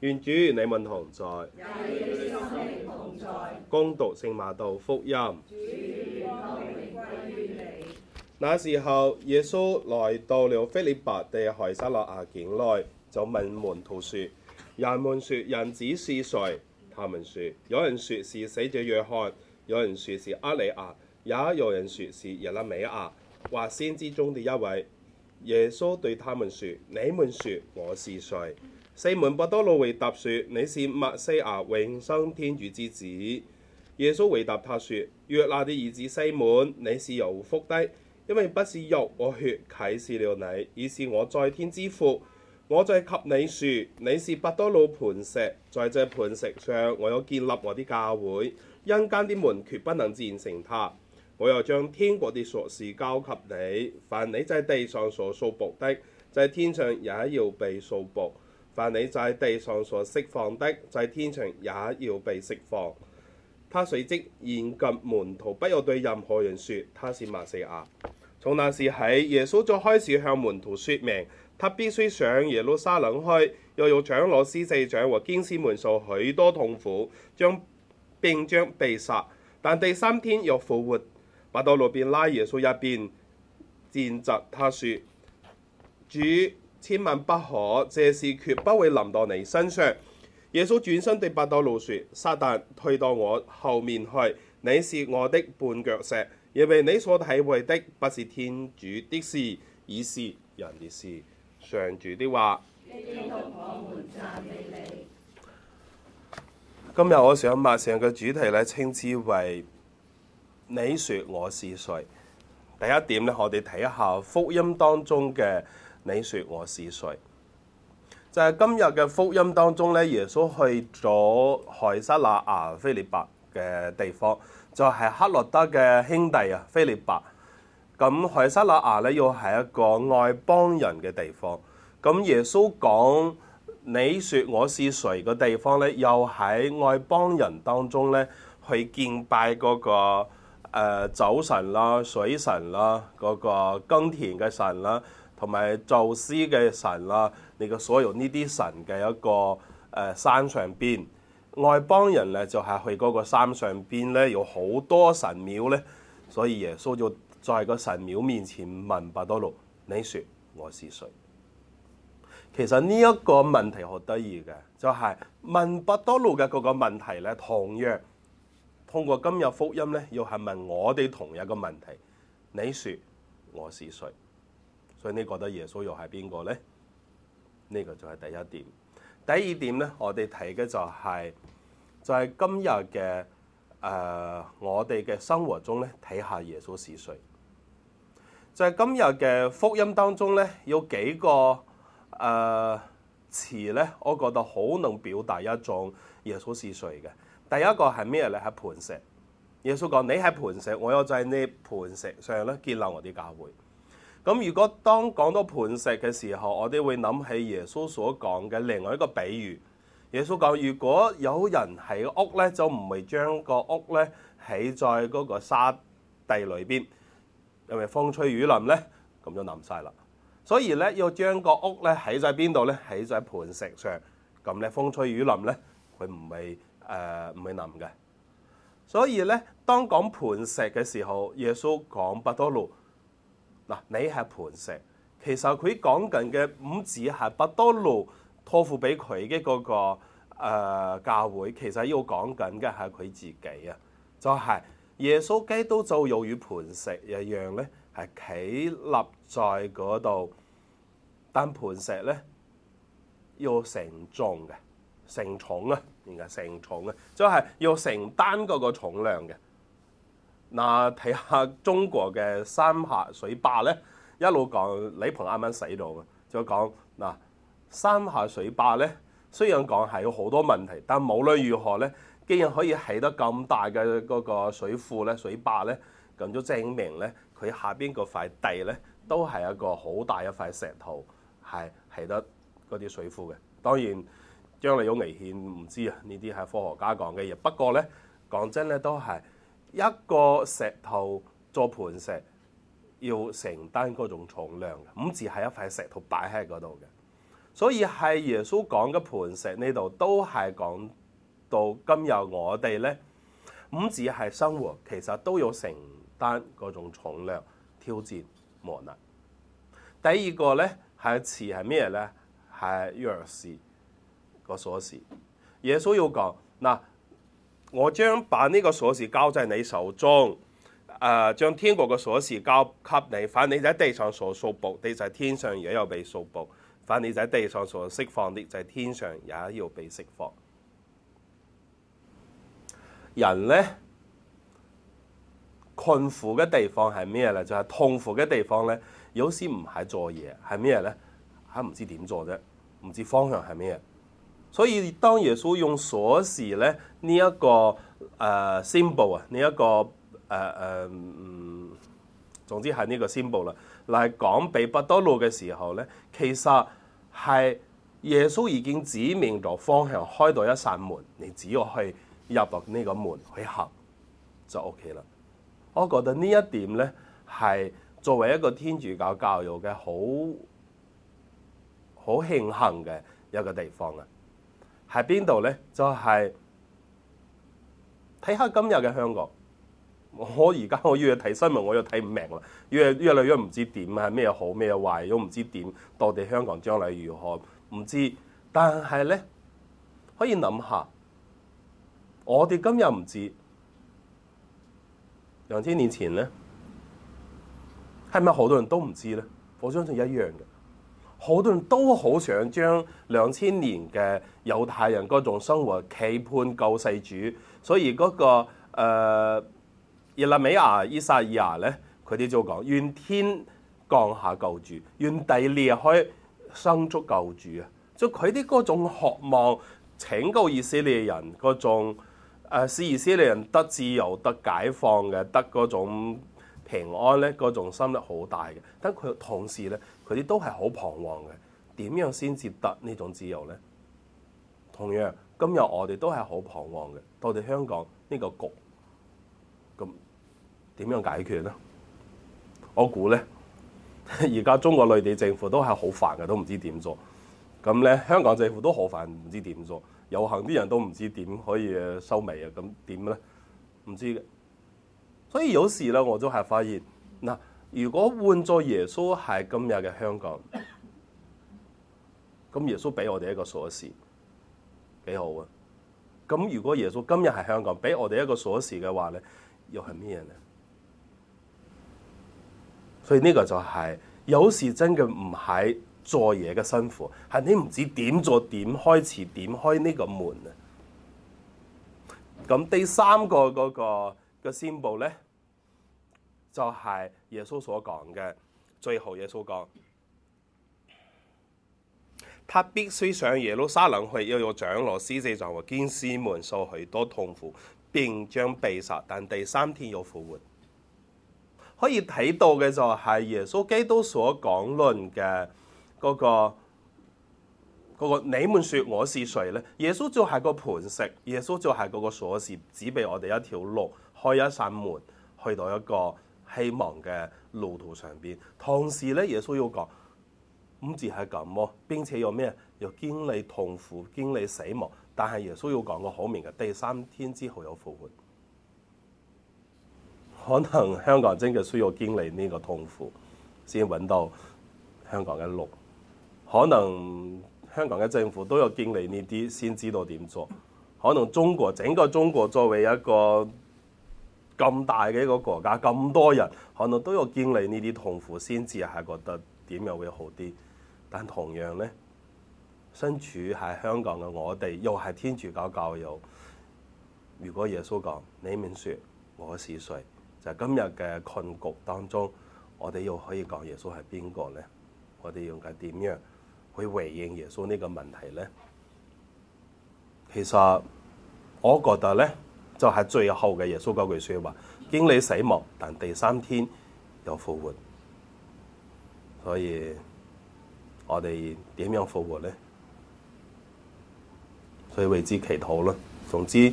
願主你們同在，恭讀聖馬竇福音。那時候，耶穌來到了斐理伯的凱撒勒雅境內，就問門徒説：人們説人子是誰？他們説：有人説是洗者若翰，有人説是厄里亞，也有人説是耶肋米亞，或先知中的一位。耶穌對他們説：你們説我是誰？西門伯多祿回答說：你是默西亞永生天主之子。耶穌回答他說：若那的兒子西門，你是有福的，因為不是肉和血啟示了你，而是，是我在天之父。我再給你說，你是伯多祿磐石，在這磐石上我有建立我的教會。陰間啲門決不能戰勝她。」我又將天國啲鑰匙交給你，凡你在地上所束縛的，在、就是、天上也要被束縛。但你在地上所釋放的，在天上也要被釋放。他隨即嚴禁門徒不要對任何人説他是默西亞。從那時起，耶穌就開始向門徒説明，他必須上耶路撒冷去，要用長老、司祭長和經師們受許多痛苦，將並將被殺，但第三天又復活。伯多祿便拉耶穌一邊，諫責他說：主。千萬不可，這事絕不會臨到你身上。耶穌轉身對伯多祿說：撒旦，退到我後面去！你是我的絆腳石，因為你所體會的不是天主的事，而是人的事。上主的話。今日我想擘上嘅主題咧，稱之為你說我是誰。第一點咧，我哋睇一下福音當中嘅。你說我是誰？就係、是、今日嘅福音當中咧，耶穌去咗海撒那亞菲利伯嘅地方，就係、是、克洛德嘅兄弟啊，菲利伯。咁海撒那亞咧，又係一個愛幫人嘅地方。咁耶穌講你說我是誰嘅地方咧，又喺愛幫人當中咧去敬拜嗰個酒神啦、水神啦、嗰、那個耕田嘅神啦。同埋宙斯嘅神啦、啊，你嘅所有呢啲神嘅一個誒、呃、山上邊，外邦人咧就係、是、去嗰個山上邊咧有好多神廟咧，所以耶穌就喺個神廟面前問伯多祿，你説我是誰？其實呢一個問題好得意嘅，就係、是、問伯多祿嘅嗰個問題咧，同樣通過今日福音咧，要係問我哋同一個問題，你説我是誰？所以你覺得耶穌又係邊個咧？呢、這個就係第一點。第二點咧，我哋睇嘅就係、是、就係、是、今日嘅誒，我哋嘅生活中咧，睇下耶穌是誰。就係、是、今日嘅福音當中咧，有幾個誒詞咧，我覺得好能表達一種耶穌是誰嘅。第一個係咩咧？係磐石。耶穌講：你係磐石，我就在呢磐石上咧建立我啲教會。咁如果當講到磐石嘅時候，我哋會諗起耶穌所講嘅另外一個比喻。耶穌講：如果有人喺屋咧，就唔會將個屋咧起在嗰個沙地裏邊，因為風吹雨淋咧，咁就冧晒啦。所以咧要將個屋咧起在邊度咧？起在磐石上，咁咧風吹雨淋咧，佢唔係誒唔會冧嘅。所以咧，當講磐石嘅時候，耶穌講伯多祿。嗱，你係磐石，其實佢講緊嘅唔止係伯多祿託付俾佢嘅嗰個、呃、教會，其實要講緊嘅係佢自己啊，就係、是、耶穌基督就如磐石一樣咧，係企立在嗰度，但磐石咧要，就是、要承重嘅，承重啊，點解承重啊？就係要承擔嗰個重量嘅。嗱，睇下中國嘅三峽水壩咧，一路講李鵬啱啱死到嘅，就講嗱三峽水壩咧，雖然講係有好多問題，但無論如何咧，既然可以起得咁大嘅嗰個水庫咧、水壩咧，咁都證明咧，佢下邊嗰塊地咧都係一個好大一塊石頭，係起得嗰啲水庫嘅。當然將嚟有危險唔知啊，呢啲係科學家講嘅嘢。不過咧，講真咧都係。一個石頭做盤石，要承擔嗰種重量嘅。五字係一塊石頭擺喺嗰度嘅，所以係耶穌講嘅盤石，呢度都係講到今日我哋咧，五字係生活，其實都要承擔嗰種重量、挑戰、磨難。第二個咧係詞係咩咧？係鑰匙個鎖匙。耶穌要講嗱。我將把呢個鎖匙交在你手中，誒、啊，將天國嘅鎖匙交給你。反正喺地上所束縛，地就係天上也，也要被束縛。反正喺地上所釋放啲，就係天上也要被釋放。人呢，困苦嘅地方係咩呢？就係痛苦嘅地方呢？有時唔係做嘢，係咩呢？係唔知點做啫，唔知方向係咩。所以當耶穌用鎖匙咧呢一、這個呃這個呃呃、個 symbol 啊呢一個總之係呢個 symbol 啦嚟講俾伯多祿嘅時候咧，其實係耶穌已經指明咗方向，開到一扇門，你只要去入到呢個門去行就 OK 啦。我覺得呢一點咧係作為一個天主教教育嘅好好慶幸嘅一個地方啊！喺邊度咧？就係睇下今日嘅香港。我而家我要去睇新聞，我又睇唔明啦。越嚟越嚟越唔知點啊！咩好咩壞都唔知點。到底香港將來如何？唔知。但係咧，可以諗下，我哋今日唔知兩千年前咧，係咪好多人都唔知咧？我相信一樣嘅。好多人都好想將兩千年嘅猶太人嗰種生活期盼救世主，所以嗰、那個誒、呃、耶勒美亞、伊撒爾亞呢、以亞咧，佢哋就講願天降下救主，願地裂開生出救主啊！就佢啲嗰種渴望拯救以色列人嗰種使以色列人得自由、得解放嘅，得嗰種。平安咧，個重心率好大嘅，但佢同時咧，佢哋都係好彷徨嘅。點樣先至得呢種自由咧？同樣今日我哋都係好彷徨嘅。到底香港呢個局咁點樣解決咧？我估咧，而家中國內地政府都係好煩嘅，都唔知點做。咁咧，香港政府都好煩，唔知點做。遊行啲人都唔知點可以收尾啊！咁點咧？唔知嘅。所以有時咧，我都係發現，嗱，如果換作耶穌係今日嘅香港，咁耶穌俾我哋一個鎖匙，幾好啊！咁如果耶穌今日係香港，俾我哋一個鎖匙嘅話咧，又係咩嘢咧？所以呢個就係、是、有時真嘅唔係做嘢嘅辛苦，係你唔知點做點開始點開呢個門啊！咁第三個嗰、那個。嘅先佈咧，就係、是、耶穌所講嘅最後。耶穌講：他必須上耶路撒冷去，要有長老、司祭長和經師們受許多痛苦，並將被殺，但第三天又復活。可以睇到嘅就係耶穌基督所講論嘅嗰個、那個那個、你們說我是誰咧？耶穌就係個盤石，耶穌就係嗰個鎖匙，只俾我哋一條路。開一扇門，去到一個希望嘅路途上面。同時咧，耶穌要講，唔止係咁咯，並且又咩？要經歷痛苦，經歷死亡。但係耶穌要講個好明嘅，第三天之後有復活。可能香港真嘅需要經歷呢個痛苦，先揾到香港嘅路。可能香港嘅政府都有經歷呢啲，先知道點做。可能中國整個中國作為一個。咁大嘅一個國家，咁多人可能都要經歷呢啲痛苦，先至係覺得點樣會好啲。但同樣呢，身處喺香港嘅我哋，又係天主教教友。如果耶穌講你們説我是誰，就今日嘅困局當中，我哋又可以講耶穌係邊個呢？我哋用緊點樣去回應耶穌呢個問題呢？其實我覺得呢。就係最後嘅耶穌嗰句説話，經歷死亡，但第三天又復活。所以我哋點樣復活呢？所以為之祈禱了。總之，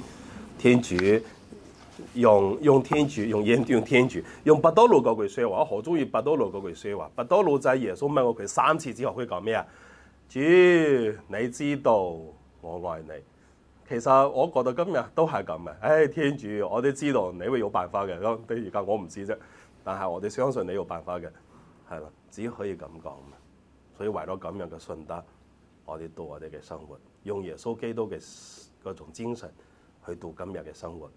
天主用用天主用言用天主用伯多祿嗰句説話，我好中意伯多祿嗰句説話。伯多祿在耶穌問我佢三次之後，佢講咩啊？主，你知道我愛你。其實我覺得今日都係咁嘅，誒、哎、天主，我都知道你會有辦法嘅。咁譬如講，我唔知啫，但係我哋相信你有辦法嘅，係咯，只可以咁講。所以為咗咁樣嘅信德，我哋度我哋嘅生活，用耶穌基督嘅嗰種精神去度今日嘅生活，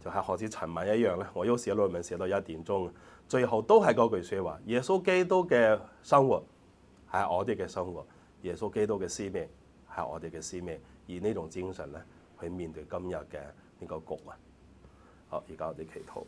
就係學似尋晚一樣咧。我要寫論文寫到一點鐘，最後都係嗰句説話：耶穌基督嘅生活係我哋嘅生活，耶穌基督嘅使命係我哋嘅使命。以呢種精神去面對今日嘅呢個局啊！好，而家我哋祈禱。